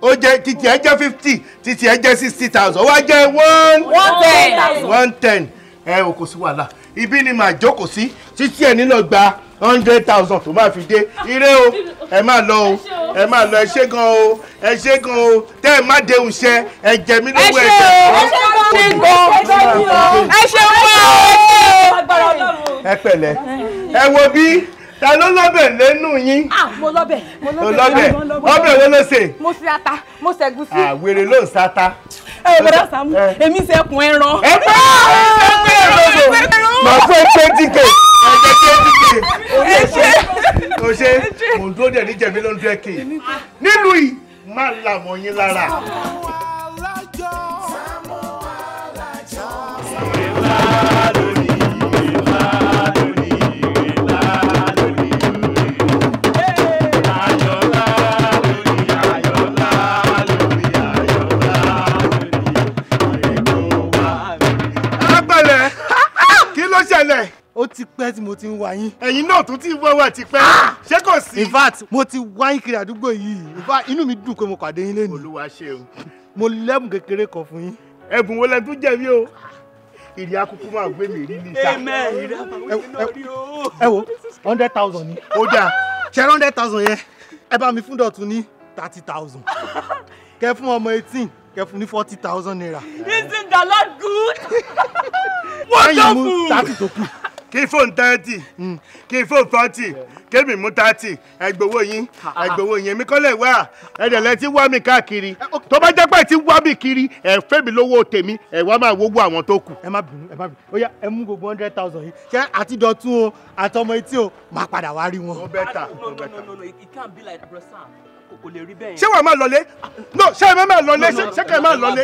ó jẹ títí ẹ jẹ fifty títí ẹ jẹ sixty thousand ó wá jẹ one one ten one ten ẹ o kò sí wàhálà ibi ni màá jókòó sí títí ẹ nílò gba hundred thousand tó máa fi dé ire o ẹ máa lọ o ẹ máa lọ ẹ ṣe gan o ẹ ṣe gan o tẹ ẹ má dé iṣẹ́ ẹ jẹ mí lówó ẹ jẹ ọ ẹ ṣe gan ẹ ṣe gan o ẹ pẹ̀lẹ́ ẹ wo bí
ta ló lọ́bẹ̀ lẹ́nu yín. ah mo lọ́bẹ̀ mo lọ́bẹ̀ ọbẹ̀ wo ló ṣe. mo ṣe ata mo ṣe ẹ̀gúsí.
àwèrè ah, ló ń sata.
ẹ ò lọ́dọ̀ eh. Sàámú èmi ṣe ẹkùn ẹran. ẹ bá ah! ẹ bá máa fẹ́ twenty k ọjọ́ twenty
k oyè ṣe o ṣe mò ń dúró dẹ̀ níjẹ̀bi ló ń dúró kè yìí má làmọ́ yín lára. ṣẹlẹ̀. ó ti pẹ́ tí mo ti ń wá yín. ẹ̀yin náà tún ti wọ́wọ́ ti pẹ́. Ah! ṣé kò sí. in fact mo ti wá yín kiri àdúgbò yìí in fact inú mi dùn pé mo pàdé yín lẹ́nu. olúwa ṣeun. mo lẹ́bùn kékeré kan fún yín. ẹ̀bùn wo lẹ tún jẹ o ìrì akúkú máa gbé mi rí níta. ẹ wo hundred thousand ni. ó dáa ṣe hundred thousand yẹn ẹ bá mi fún Dọ̀tun ní thirty thousand kẹ fún ọmọ eighteen kẹ fún ní forty thousand naira.
isn't the lord
good. wonderful. thirty to two. kí fóònù thirty hmm. kí fóònù forty kébì mú thirty ẹgbowó yín ẹgbowó yín èmi kọ́lẹ̀ wá ẹ̀dẹ̀lẹ̀ tí wá mi káàkiri eh, tó bá jẹ́ pé tí wá mi kiri ẹ fẹ́ mi lówó tèmi ẹ wá máa wógbó àwọn tó kù. ẹ má bínú ẹ má bínú ó yá ẹ mú gbogbo hundred thousand yìí ṣé àti Dọ̀tun o àtọmọ etí o máa padà wá rí wọn. ó bẹ́ẹ̀ ta
no no no no it can't be like that bro kò lè rí bẹ́ẹ̀. ṣé wàá máa lọlé no ṣé ẹ máa lọlé ṣé kẹ́ ẹ máa lọlé.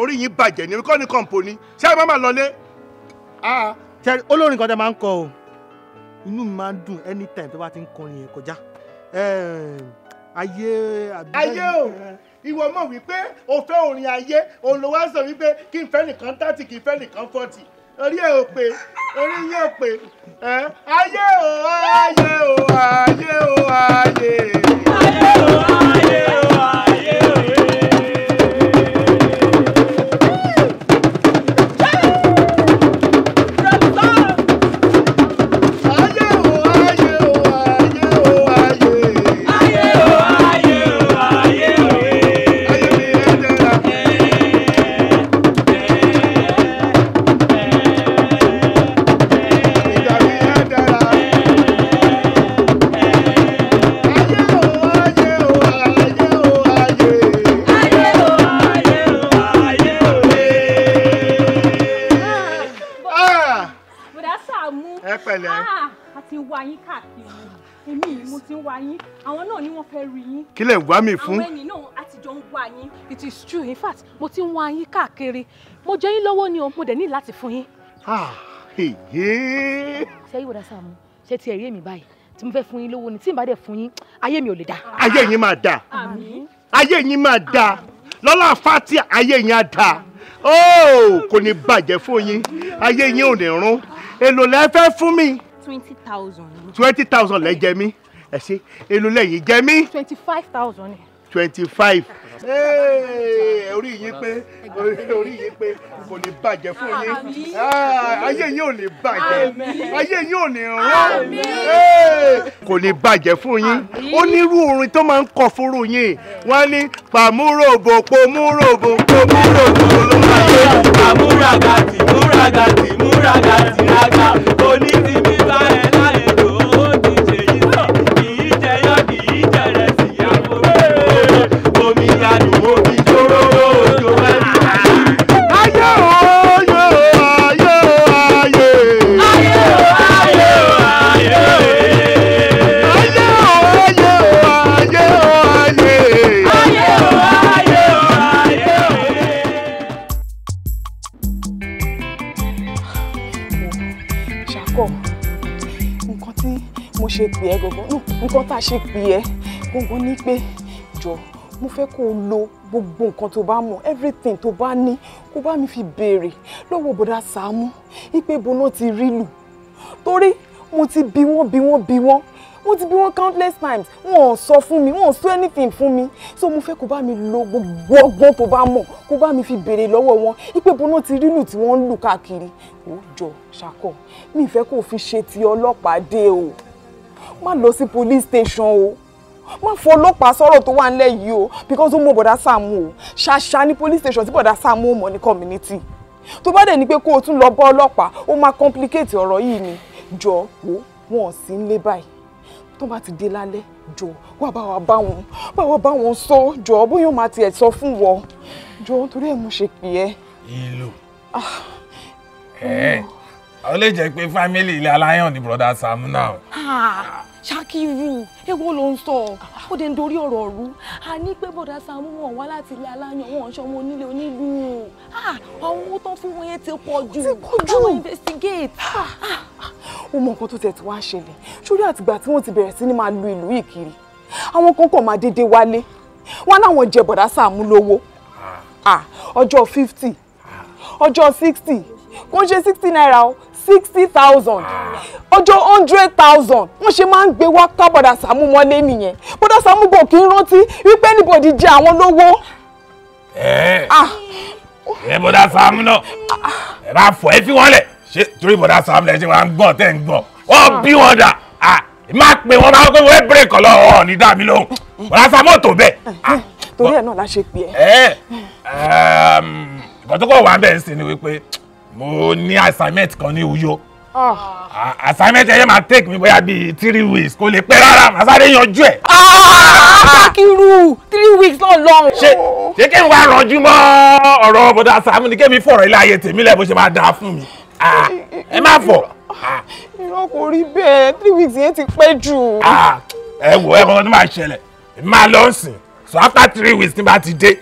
orí yín bàjẹ́ ni kọ́ ni kọ́ǹpó ni ṣé ẹ máa lọlé. olórin kan tẹ máa ń kọ o inú mi máa ń dùn anytime tó bá ti ń kọrin yẹn kọjá ayé àbí. ayé o ìwọ mọ̀ wípé o fẹ́ orin ayé òun wípé kí n fẹ́ nìkan thirty kí n fẹ́ nìkan forty orí ẹ̀ ò pé orí yẹ̀ ò pé ayé o ayé o ayé o ayé. ayé o ayé.
kí lẹ̀ wá mi fún. it is true in fact mo ti ń wá yín káàkiri mo jẹ yín lọ́wọ́ ni o mo dẹ̀ ní láti fún yín.
ṣé
yíwọ́dà Sàámú ṣé ti ẹ̀rí èmi báyìí tí mo fẹ́ fún yín lówó ni tí n bá dẹ̀ fún yín ayé mi ò lè dá. ayé
yín máa dá ayé yín máa dá lọ́lá fati ayé yín á dá oh, kò ní bàjẹ́ fún yín ayé yín ò ní rún èlò lẹ́ fún mi.
twenty thousand.
twenty thousand lẹ jẹ ẹ ṣe èlò lẹ́yìn jẹ mí.
twenty five thousand ni.
twenty five orí yín pé orí yín pé kò ní bàjẹ́ fún yín ah, ayé yín ò ní bàjẹ́ ayé yín ò ní rán kò ní bàjẹ́ fún yín ó nírú orin tó máa ń kọ fúru yín wọ́n ní pàmúròbò pòmúròbò pòmúròbò ló máa yẹ. àmúragàtì múragàtì múragàtì rágà.
bá ṣe pè ẹ́ gbọ̀ngàn ní pé jọ mo fẹ́ kó o lo gbogbo nǹkan tó bá mọ̀ everything tó bá ní kó bá mi fi béèrè lọ́wọ́ bọ̀dá Sàámú ipe boná ti rí lù torí mo ti bí wọ́n bí wọ́n bí wọ́n mo ti bí wọ́n countless times wọn ò sọ fún mi wọn ò sọ anything fún mi so mo fẹ́ kó bá mi lo gbogbo ọgbọ́n tó bá mọ̀ kó bá mi fi béèrè lọ́wọ́ wọn ipe boná ti rí lù tí wọ́n ń lù káàkiri ó jọ ṣàkọ mi ìfẹ́ kó o fi ṣe ti ọlọ́pàá dé o má lọ sí police station o má fọlọ́pàá sọ̀rọ̀ tó wà nílẹ̀ yìí o because ó mọ bọ̀dá Sàámú o ṣàṣà ní police station tí bọ̀dá Sàámú ò mọ̀ ní community tó bá dẹ̀ ní pé kó o tún lọ bá ọlọ́pàá ó máa complicate ọ̀rọ̀ yìí ni jọ wo wọn ò sí nílé báyìí tó bá ti dé lálẹ́ jọ wá bá wa bá wọn bá wa bá wọn sọ jọ bóyá wọn máa tiẹ̀ sọ fún wọn jọ torí ẹ̀ mo ṣe pè ẹ́. ìlú ah. ẹ
ó lè jẹ́ pé fámìlì ilé aláyàn ni broda Sàámú náà.
Ah ṣàkírù èwo ló ń sọ ó dé ń dorí ọ̀rọ̀ rú a ní pé bọ̀dá Sàámú wọn wá láti ilé aláyàn wọn ṣọ ọmọ onílé onílù ọ̀hún tó fún wọn yẹn ti pọ̀ jù ti investigate. ó mọ nǹkan tó tẹ̀ tí wàá ṣẹlẹ̀ sórí àtìgbà tí wọ́n ti bẹ̀rẹ̀ sí ni máa lu ìlú yìí kiri àwọn kan kàn máa déédéé wálé wọn láwọn jẹ bọ̀dá Sàámú lówó ah. ọjọ́ fifty ọjọ́ sixty kò ń ṣe sixty naira o sixty thousand ọjọ́ hundred thousand wọ́n ṣe máa ń gbé wá ká bọ̀dà Sàámú mọ́lé nìyẹn bọ̀dà Sàámú bò kí n rántí wípé anybody jẹ àwọn lówó.
ẹ ah. ẹ bọ̀dà Sàámú náà ah. ẹ bá fọ ẹ fi wọn lẹ ṣé torí bọ̀dà Sàámú lẹ ṣe wàá ń gbọ́ tẹ́ ń gbọ́ wọ́n ah. bí wọn dà má pé wọn máa ń pé wọ́n ẹ bèrè kọ́ lọ́wọ́ ní dàmí lóhùn bọ̀dà Sàámú ò tó bẹ́ẹ̀. torí ẹ̀ náà la ṣe pè é. ẹ ẹ nǹkan tó kọ̀ wá bẹ́ẹ̀ ń sin ni wípé mo ní assignment kan ní Uyo ah. assignment ẹ̀yẹ́ máa take mi bóyá bíi three weeks kò lè pẹ́ rárá màá sáré yanjú ẹ̀. Ah, akiru three weeks náà lọ. ṣé ṣé kí n wá ranjú mọ́ ọ̀rọ̀ bọ̀dá Sàámú ni kémi fọ̀rọ̀ ilé ayé tèmi lẹ̀ ṣe máa dáa fún mi ẹ má fọ̀. irọ́ kò rí bẹ́ẹ̀ three weeks yẹn ti pẹ́ jù. ẹ wò ẹ kọ́kọ́ tó máa ṣẹlẹ̀ máa lọ́ọ̀sìn so after three weeks tí n bá ti dé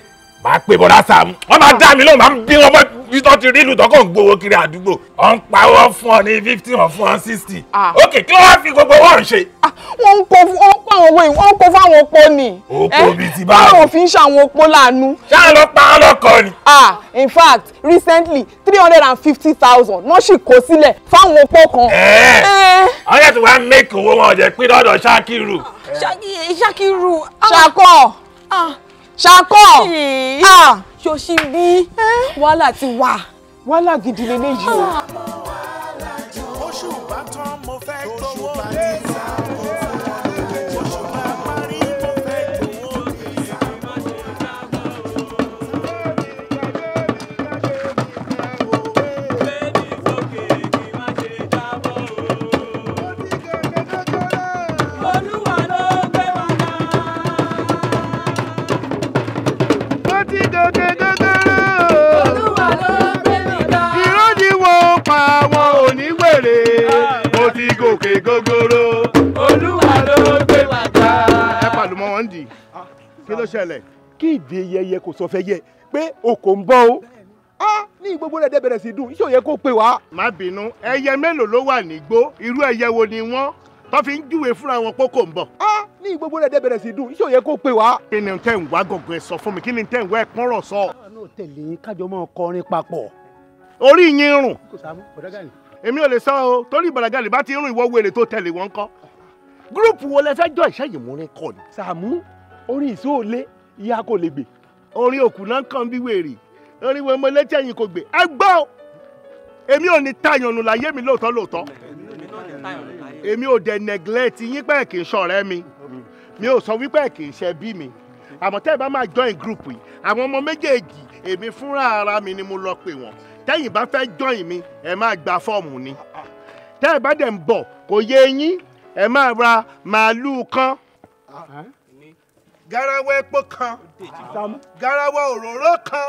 máa pè bọ́dá Sàámú wọ́n máa dá mi lóhùn máa ń bí wọn bọ́ tó ti rí ìlú tó kàn gbowó kiri àdúgbò ọ̀ ń pawọ́ fún ọ ní fifty ọ̀ fún ọ sixty ókè kí wọ́n á fi gbogbo wọ́n ṣe.
wọ́n ń kó wọ́n kó àwọn owó wọ́n ń kó fáwọn opó ni. opó bíi ti báwo. báwo fi ń ṣàwọn opó láàánú. ṣáà ló pa á ni. ah in fact recently three hundred and fifty thousand wọ́n sì kó sílẹ̀ fáwọn opó kan.
ẹ̀ẹ́ ọ̀yẹ́ tí wàá mẹ́kì owó wọn jẹ́ pín lọ́dọ̀ ṣákìrù.
ṣákìrù. ṣàkọ. ah ṣakọ ah! ṣòṣì bí eh? wàhálà ti wà. wàhálà gidi lélẹ́yìí ah. oṣù bàtàn mo fẹ́ gbowó lé.
Andy kí ló ṣẹlẹ̀. kí ìdè yẹyẹ kò sọ fẹ́ yẹ pé o kò ń bọ̀ o á ah, ní gbogbo rẹ̀ dẹ́bẹ̀rẹ̀ sí dùn iṣẹ́ òye kò pè wá. má bínú ẹyẹ mélòó ló wà nígbó irú ẹyẹ wo ni wọ́n tó fi ń júwe fúnra wọn pé kò ń bọ̀. á ah, ní gbogbo rẹ̀ dẹ́bẹ̀rẹ̀ sí dùn iṣẹ́ òye kò pè wá. kí ni tẹ́ ń wá gọ̀gọ̀ ẹ̀ sọ fún mi kí ni tẹ́ ń wá ẹ̀ pọ́nrọ̀ sọ. àwọn ah, náà tẹ̀lé kájọ máa kọrin gúrùpù wo lẹ fẹ́ jọ ìṣẹ́yìn mú ní kọ́ ni. Sàámú orin ìṣóòlé ìyá kò lè gbè. orin òkú náà kàn bí wèrè orin wo mọlẹ́tì ẹ̀yìn kò gbè. ẹ gbọ́ èmi ò ní tayànnù láyé mi lóòótọ́ lóòótọ́ èmi ò dẹ̀ neglect yín pé kì í ṣọ̀rẹ́ mi mi ò sọ wípé kì í ṣe bí mi àmọ́ tẹ́ ẹ bá máa join group yìí àwọn ọmọ méjèèjì èmi fúnra ara mi ni mo lọ pè wọ́n tẹ́yìn bá fẹ́ join mi ẹ máa gba fọ́ọ̀mù ni tẹ́ ẹ bá dẹ̀ ń bọ̀ kò yé yín ẹ máa ra màálùú kan garawa epo kan garawa òróró kan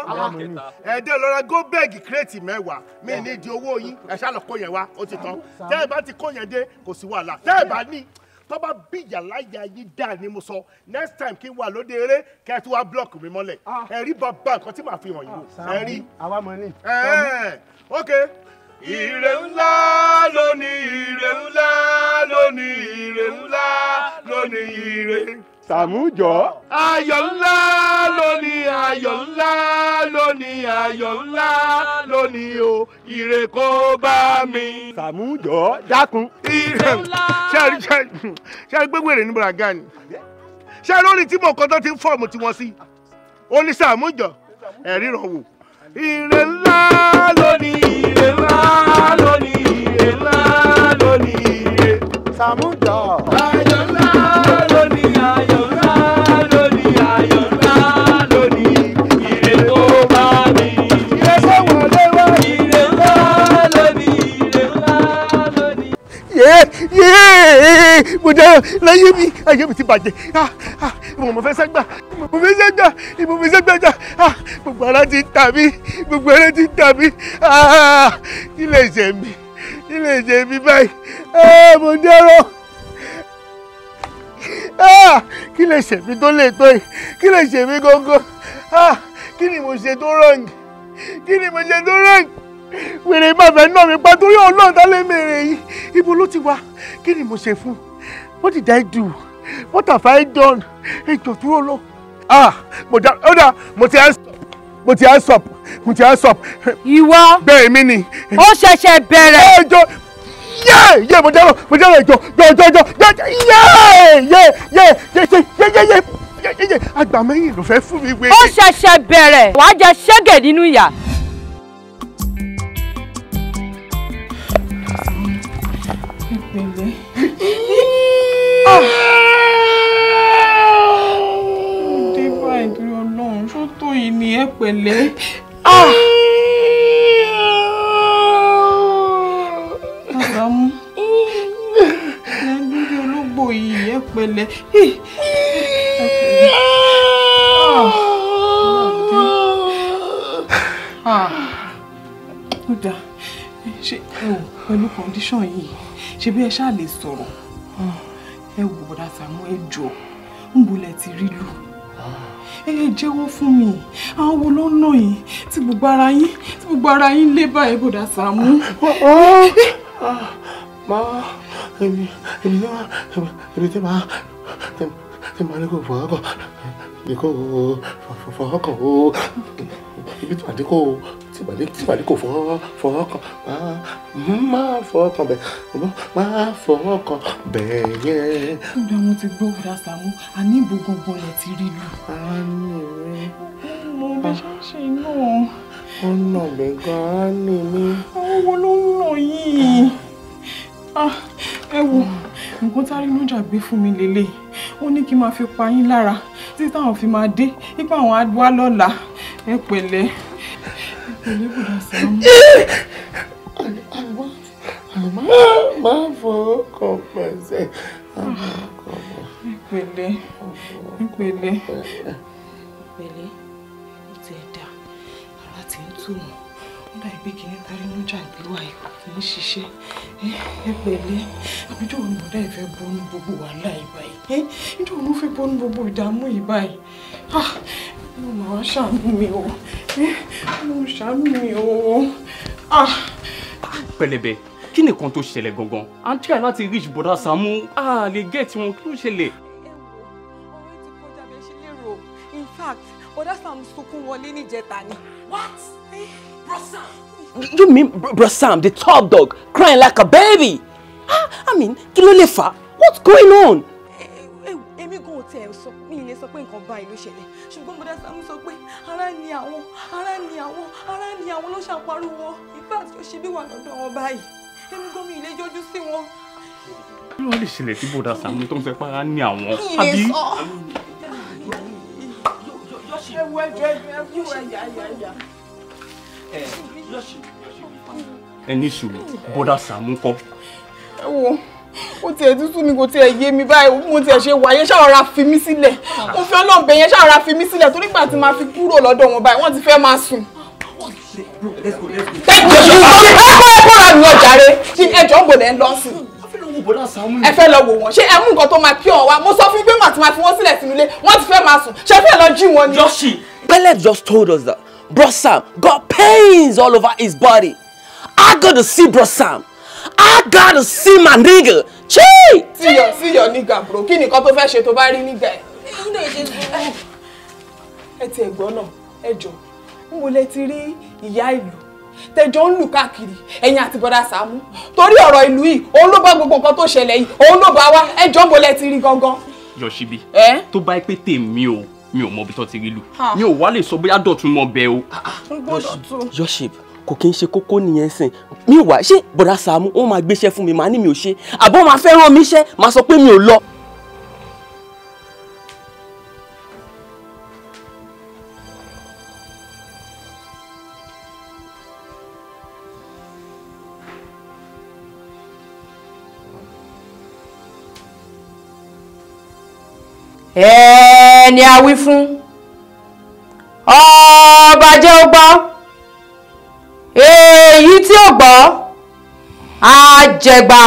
ẹ̀ẹ́dẹ́ lọ́ra gómẹ́gì kírètì mẹ́wàá mi ní di owó yín ẹ ṣáà lọ kó yẹn wá ó ti tán tẹ́ ẹ bá ti kó yẹn dé kò sí wàhálà tẹ́ ẹ bá ní tó bá bí yàláyà yín dà ní mo sọ next time kí n wà lóde eré kẹ́ ẹ tún wá blọọkì mi mọ́lẹ̀ ah. ẹ̀rí bàbá nǹkan tí màá fi hàn yín ah, ẹ̀rí. àwa mọ̀ ní. ok ire ńlá lónìí ire ńlá lónìí ire ńlá lónìí ire. sàmújọ. ayọ̀ ńlá lónìí ayọ̀ ńlá lónìí ayọ̀ ńlá lónìí o ire kó bá mi. sàmújọ dákun. ire ńlá. ṣé ṣe gbé wèrè ní bùràgà ni ṣé lórí tí mo kọ́ tó ti ń fọ́ọ̀mù tiwọn sí oníṣàmújọ ẹ̀rí ràn wò ire ńlá lónìí ire ńlá lónìí ire ńlá lónìí ire sàmúdọ̀. ayọ̀
ńlá lónìí ayọ̀ ńlá lónìí ayọ̀ ńlá lónìí ire tó bá mi. ire tó wọlé wá. ire ńlá lónìí ire ńlá
lónìí. yéé yéé mo dẹ́rọ̀ láyé mi ayé mi ti bàjẹ́ ah ah mo fẹ́ sẹ́gbà mo fẹ́ sẹ́gbà mo fẹ́ sẹ́gbàjà ah, gbogbo ara ti tà mí gbogbo ara ti tà mí ah, kí lè ṣe mí kí lè ṣe mí báyìí ah, mo dẹ́rọ kí lè ṣe mí tó lè tó yìí kí lè ṣe mí gógó kí ni mo ṣe tó rọ̀ǹgì kí ni mo ṣe tó rọ̀ǹgì wèrè ìbàfẹ́ náà mi pa torí ọlọ́ọ̀dá lè mèrè yìí ibo ló ti wá kí ni mo ṣe fún what did I do? what have I done? Ẹjọ̀ dúró lọ. Ah! Mo da ó dà mo ti hands up mo ti hands up mo ti hands up. Ìwọ. Bẹ́ẹ̀ mi ni. Ó ṣẹ̀ṣẹ̀ bẹ̀rẹ̀. Ẹjọ̀ yé yé mo dẹ́rọ̀ mo dẹ́rọ̀ ẹjọ̀ jọjọ jọ jọjọ yé yé yé yé yé yé yé yé yé àgbà mẹ́yìn ló fẹ́ fún mi wé. Ó ṣẹ̀ṣẹ̀ bẹ̀rẹ̀ wàá jẹ ṣẹ́gẹ̀ nínú ìyà.
Ìpínlẹ̀. Ah! ẹ pẹ̀lẹ́. Àbámú ẹ lórí ológbò yìí ẹ pẹ̀lẹ́. Ah! Ah! Ó dáa ṣe ẹ wò pẹ̀lú kọ́ndíṣọ̀n yìí ṣe bí ẹ ṣáà lè sọ̀rọ̀ ẹ wò bọ̀dá Sàámú ẹ jọ ń bolẹ̀ ti rí lù ẹ jẹ́wọ́ fún mi àwọn wo ló ń nà yín tí gbogbo ara yín tí gbogbo ara yín lé báyìí bòdà Sàámú. máa
èmi èmi tẹ́ máa èmi tẹ́ máa tẹ́ máa ní kò fọwọ́kàn
ní kò fọwọ́kàn o ibi tó àdínkù o
tìmọ̀lé tìmọ̀lé kò fọwọ́ fọwọ́ kan má fọwọ́ kan bẹ́ẹ̀ má fọwọ́ kan bẹ́ẹ̀ yẹ.
ọ̀dọ̀ mo ti gbọ́ ọ̀dà Sàámú àní ìbò gbọ̀ngàn lẹ̀ ti rí lu. àánú rẹ. mo bẹ ah. ṣe ń ṣe iná. ó nà
mí gan-an ní mi.
owó ló ń nà yìí. Ah, ẹ wo nǹkan tá a rí lójà gbé fún mi lélẹ̀ ó ní kí n máa fi pa yín lára títí táwọn fi máa dé nípa àwọn adúlá ẹ pẹ̀lẹ́. Má fọwọ́
kan pẹ̀sẹ̀. Ìpele
ìpele ìpele ó ti ẹ̀dá ara ti ń tù wọ́n. Ó dà bí kìíní tarí ló jà gbé wá ipò kì í ṣiṣẹ́. Ìpele àbíjọ́ òun bọ̀dá ẹ̀ fẹ́ bọ́nú gbogbo wàhálà ìbáyìí. Ìjọ́ òun fẹ́ bọ́nú gbogbo ìdààmú ìbáyìí mo máa ṣàánú mi o mo ṣàánú mi o. Ah. pẹlẹbẹ kí nìkan tó reach
bọ́dá Sàámú a lè gẹ̀ẹ́tì wọn
ni. what eh, bro Sam. you mean bro Sam the top dog crying like a baby ah i mean kí ló what's going on. Eh, eh, èmi gan ò tiẹ̀ sọ sọ pé nǹkan báyìí ló ṣẹlẹ̀ ṣùgbọ́n bọ́dá Sàámú sọ pé ara ni àwọn ara ni àwọn ara ni àwọn ló ṣàpariwo ìfẹ́ àti òṣèbí wà lọ́dọ̀ wọn báyìí èmi gómìn ilé jọjú sí wọn.
kí ló lè ṣẹlẹ̀ tí bọ́dá Sàámú tó ń sọ pé ni àwọn àbí. ẹni sùúrù bọ́dá Sàámú kọ́.
ẹ wo ó tiẹ̀ tútù ni kò tiẹ̀ yé mi báyìí mo tiẹ̀ ṣe wáyé ṣàrọ̀ra fi mí sílẹ̀ mo fẹ́ náà bẹ̀yẹn ṣàrọ̀ra fi mí sílẹ̀ torí gbà tí máa fi kúrò lọ́dọ̀ wọn báyìí wọ́n ti fẹ́ máa sùn. ẹ fẹ́ lọ wò wọ́n ṣé ẹ mú nǹkan tó máa kí ọ̀ wá mo sọ fún pé màtí máa fi wọ́n sílẹ̀ sínú ilé wọ́n ti fẹ́ máa sùn ṣé just told us that Bro Sam got pains all over his body. I got to see Bro Sam. I gotta see my nigga. Chee! See your, see your nigga, bro. Kí ni nǹkan tó fẹ́ ṣe tó bá rí nigga ẹ̀? Ẹ ti ẹ̀gbọ́n náà, ẹ jọ. N wo lẹ ti rí ìyá ìlú tẹjọ ń lù káàkiri ẹ̀yin àti bọdà Sàámú torí ọ̀rọ̀ ìlú yìí òun ló bá gbogbo nǹkan tó ṣẹlẹ̀ yìí òun ló bá wá ẹjọ ń bo ti rí gangan. yọ̀ṣibí tó bá pé tèmi o mi ò mọ ibi tó ti rí lù mi ò wá lè sọ bóyá dọ̀tún mọ bẹ́ẹ̀ o. yọ̀ṣibí kò kí n ṣe kókó nìyẹn sìn mi wà ṣé bọ̀dá Sàámú wọ́n máa gbéṣẹ́ fún mi màá ní mi ò ṣe àbọ̀ máa fẹ́ rán mi iṣẹ́ máa sọ pé mi ò lọ. ẹ̀ẹ́ ni a wí fún ọba jẹ́ ó gbọ́ èyí tí ò gbọ́ á jẹgba.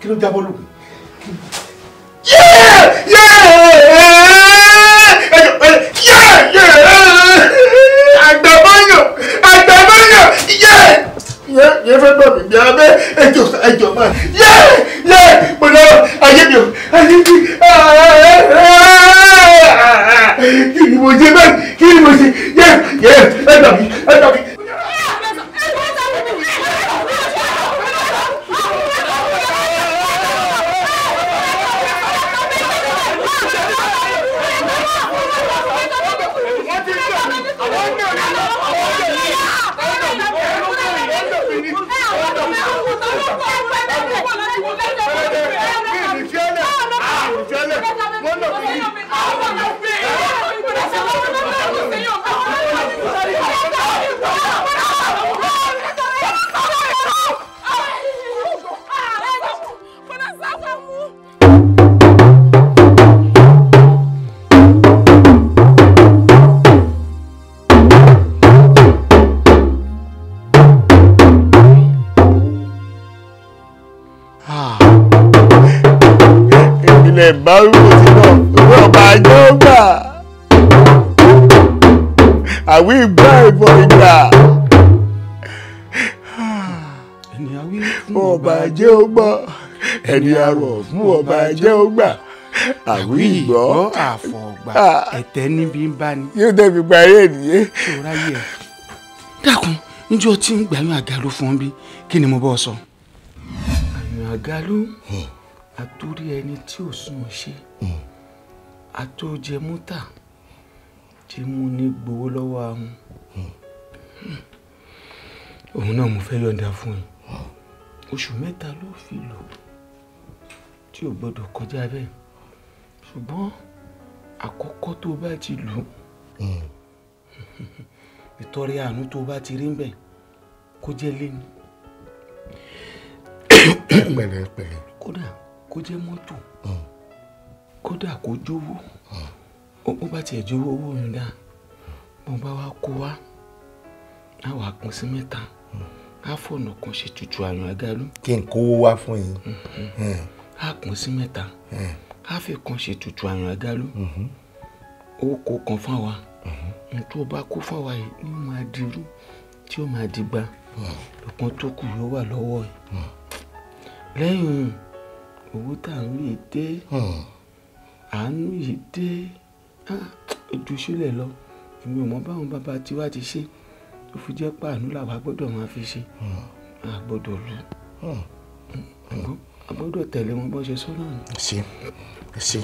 kí ló jábọ́ lù. àgbàbọ̀yàn àgbàbọ̀yàn Yeah yẹ yẹ fẹ́ gbọ́ mi bí abẹ́ ẹjọ́ ẹjọ́ máa yẹ yẹ mo lọ ayé mi o ayé mi kí ni mo ṣe bẹ́ẹ̀ kí ni mo ṣe yẹ yẹ ẹgbà mi ẹgbà mi. àwí ìgbà ìbọn ìgbà. ọba jẹ́ ó gbọ́ ẹni arọ̀ fún ọba jẹ́ ó gbà àwí ìgbọ́ àfọ̀gbà ah.
ẹ̀tẹ́ níbi ń bá ni. yóò dẹ́bi gba ayé nìyẹn. ṣòro ayé ẹ dákun níjọ́ tí ń gbàyàn àgàlù fún bí kí ni mo bọ́ sọ. àyàn àgàlù àtúrí hmm. ẹni tí ò sùn ṣe àtòjẹmúta. Hmm tí mú ní gbowó lọ́wọ́ ahun òun náà mo fẹ́ yọ̀ǹda fún ẹ oṣù mẹ́ta ló fi lò tí ò gbọ́dọ̀ kọjá bẹ́ẹ̀ ṣùgbọ́n àkọ́kọ́ tó bá ti lò ìtọrẹ àánú tó bá ti rí bẹ́ẹ̀ kó jẹ́ lẹ́nu. pẹ̀lẹ́ pẹ̀lẹ́. kódà kó jẹ́ mọ́tò hmm. kódà kó jówó. Hmm ó bá tiẹ̀ jówó owó mi dáa mo bá wá kó wá á wà pín sí mẹ́ta á fọ̀nà kan ṣe tutù àyàn àgálù. kí n kówó wá fún yín. á mhm. pín sí mẹ́ta á mhm. fi kan ṣe tutù àyàn àgálù mhm. ó kó kan fáwa nítorí ó bá kó fáwa yìí ni ó máa dirú tí ó máa digba lọ́pọ̀ tó kù yóò wà lọ́wọ́ ẹ̀ lẹ́yìn owó tá à ń rí i dé àánú yìí dé ojú sílẹ̀ lọ èmi ò mọ báwọn bàbá tiwa ti ṣe tó fi jẹ́ pàánù làwa gbọ́dọ̀ máa fi ṣe a gbọ́dọ̀ lù hmm. Hmm. a gbọ́dọ̀ tẹ̀lé wọn bó ṣe sọ náà ni.
ṣe ṣe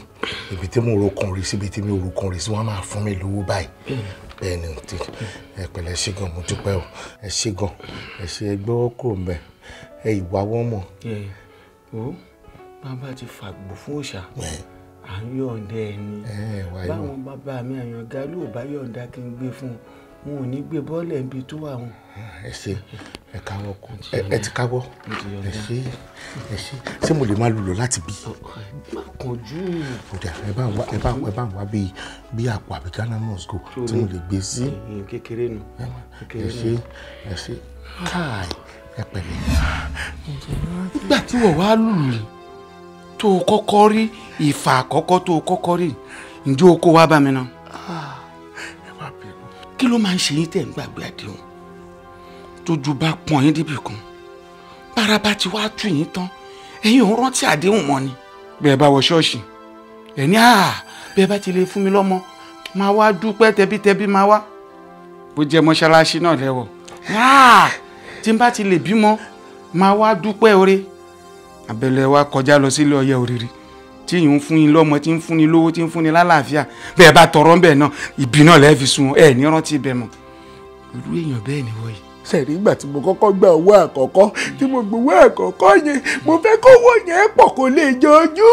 ibi tí mo rokun rí síbi tí mi ò rokun rí sí wọn máa fún mi lówó báyìí bẹ́ẹ̀ ni ti ẹ pẹ̀lẹ́ ṣe gan mo dúpẹ́ o ẹ ṣe gan ẹ ṣe ẹgbẹ́ ọkọ mẹ ẹ ìwà wọn mọ.
o bàbá ti fàgbò fún òòṣà à ń yọ̀ǹda ẹni báwọn bàbá mi àyànga ló bá yọ̀ǹda kí n gbé fún un ò ní gbé bọ́ọ̀lù ẹ̀ńbi tó wà wọn. ẹ ṣe ẹ káwọ́ kún ẹ ti káwọ́ ẹ ṣe ẹ ṣe
ṣé mo lè máa lùlọ láti bí. má ẹ bá ẹ bá ń wá bíi bíi àpò àbí ghana must go tí mo lè gbé sí.
kékeré nu ẹ ṣe ẹ ṣe káì ẹ pẹ̀lẹ́. nígbà tí wọ́n wá lùlù tó o kọ́kọ́ rí ìfà àkọ́kọ́ tó o kọ́kọ́ rí ǹjẹ́ o kó wá bá mi ná. Ah. kí ló máa ń ṣe yín tẹ̀ ń gbàgbé àdéhùn tójú bá pọ́n yín débì kan bára bá ti wá tù yín tán ẹ̀yin ò rántí àdéhùn mọ́ ni. bẹ́ẹ̀ bá wọ ṣọ́ọ̀ṣì ẹ̀ ní àá bẹ́ẹ̀ bá ti lè fún mi lọ́mọ máa wá dúpẹ́ tẹbítẹbí máa wá bó jẹ́ mọ́ṣáláṣí náà lẹ́wọ̀ tí n bá ti lè bímọ máa wá dúpẹ́ oore abẹ́lẹ̀ wa kọjá lọ sílé ọyẹ òrìrì tí yìí ń fún yín lọ́mọ tí ń fún ni lówó tí ń fún ni lálàáfíà bẹ́ẹ̀ bá tọrọ ń bẹ̀ náà ìbí náà fi sun ẹ̀ ní rántí bẹ́ẹ̀ mọ̀ irú èèyàn bẹ́ẹ̀ ni wọ́n
yìí sẹ́ẹ̀rí ìgbà tí mo kọ́kọ́ gba owó àkọ́kọ́ tí mo gbowó àkọ́kọ́ yẹn mo fẹ́ kówó yẹn pọ̀ kó lè jọjú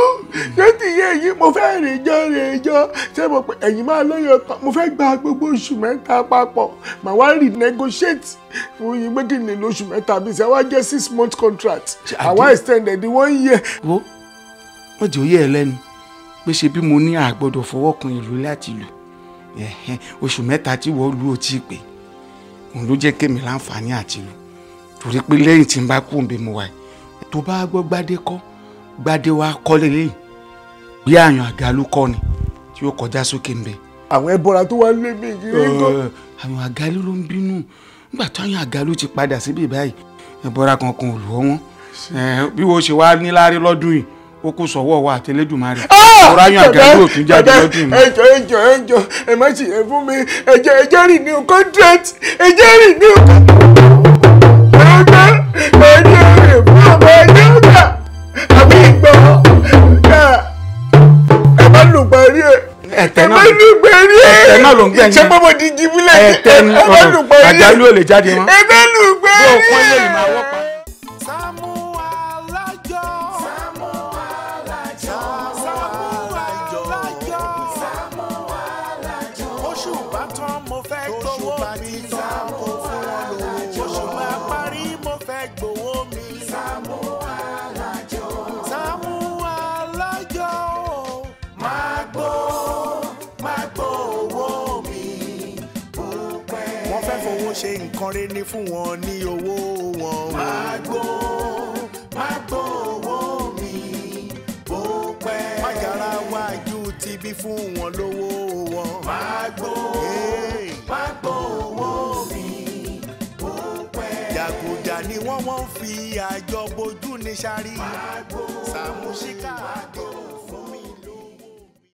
ṣé ti yé yìí mo fẹ́ rèjọ rèjọ ṣé mo pé ẹ̀yìn máa lóye ọ̀tọ̀ mo fẹ́ gba gbogbo oṣù mẹ́ta papọ̀ màá wá rí negotiate fún yín pé kí n lè lo oṣù mẹ́ta bí ṣe wá jẹ́ six month contract àwa
extended one year. wo wọ́n jẹ́ òye ẹ̀ lẹ́nu pé ṣe bí mo ní àgbọ̀dọ̀ fọwọ́ kan ìlú láti lù oṣù mẹ́ta tí wọ́n lù ó ti pè é òun ló jẹ́ kémi láǹfààní àti lù torí pé lẹ́yìn tí n bá kú òǹbẹ mo wà yìí tó bá gbọ́ gbadé kọ́ gbadé wa kọ́lé lẹ́yìn bí àyàn àgálù kọ́ ni tí ó kọjá sókè ń bẹ. àwọn ẹbọra tó wá lé mi kí ló kọ. àwọn àgálù ló ń bínú nígbà tó àyàn àgálù ti padà síbi báyìí ẹbọra kankan ò lù wọn bí wo ṣe wá níláárí lọ́dún yìí ó kó sọ̀wọ́ wa àtẹlẹ́dùmarè. Ah! ọ̀rọ̀ ayọ̀ àgàdo òtún jáde lọ́dún mi.
ẹjọ ẹjọ ẹjọ ẹ má sì yẹ fún mi ẹjẹ ẹjẹ rì ní contract ẹjẹ rì ní ọ̀gá ẹjẹ rì fún ọmọ ẹjẹ ọ̀gá àbí ìgbọ́ ọ̀gá ẹ má lù parí ẹ ẹtẹ náà ló ń gbẹ rí ẹtẹ náà ló ń gbẹ ní ṣé bọ́bọ̀ di jí bílẹ̀ ẹtẹ náà ló ń gbẹ rí ẹ ẹtẹ náà ló ń gbẹ rí ẹ ẹtẹ náà
ló ń gbẹ rí ẹ.
ní fún wọn ní owó wọn. Magbo Magbo owó mi bó pẹ́. Májàra wájú ti bí fún wọn lówó wọn. Magbo Magbo owó mi bó pẹ́. Jàgòjà ni wọ́n wọ́n fi àjọ bojú ní sáré. Magbo Magbo.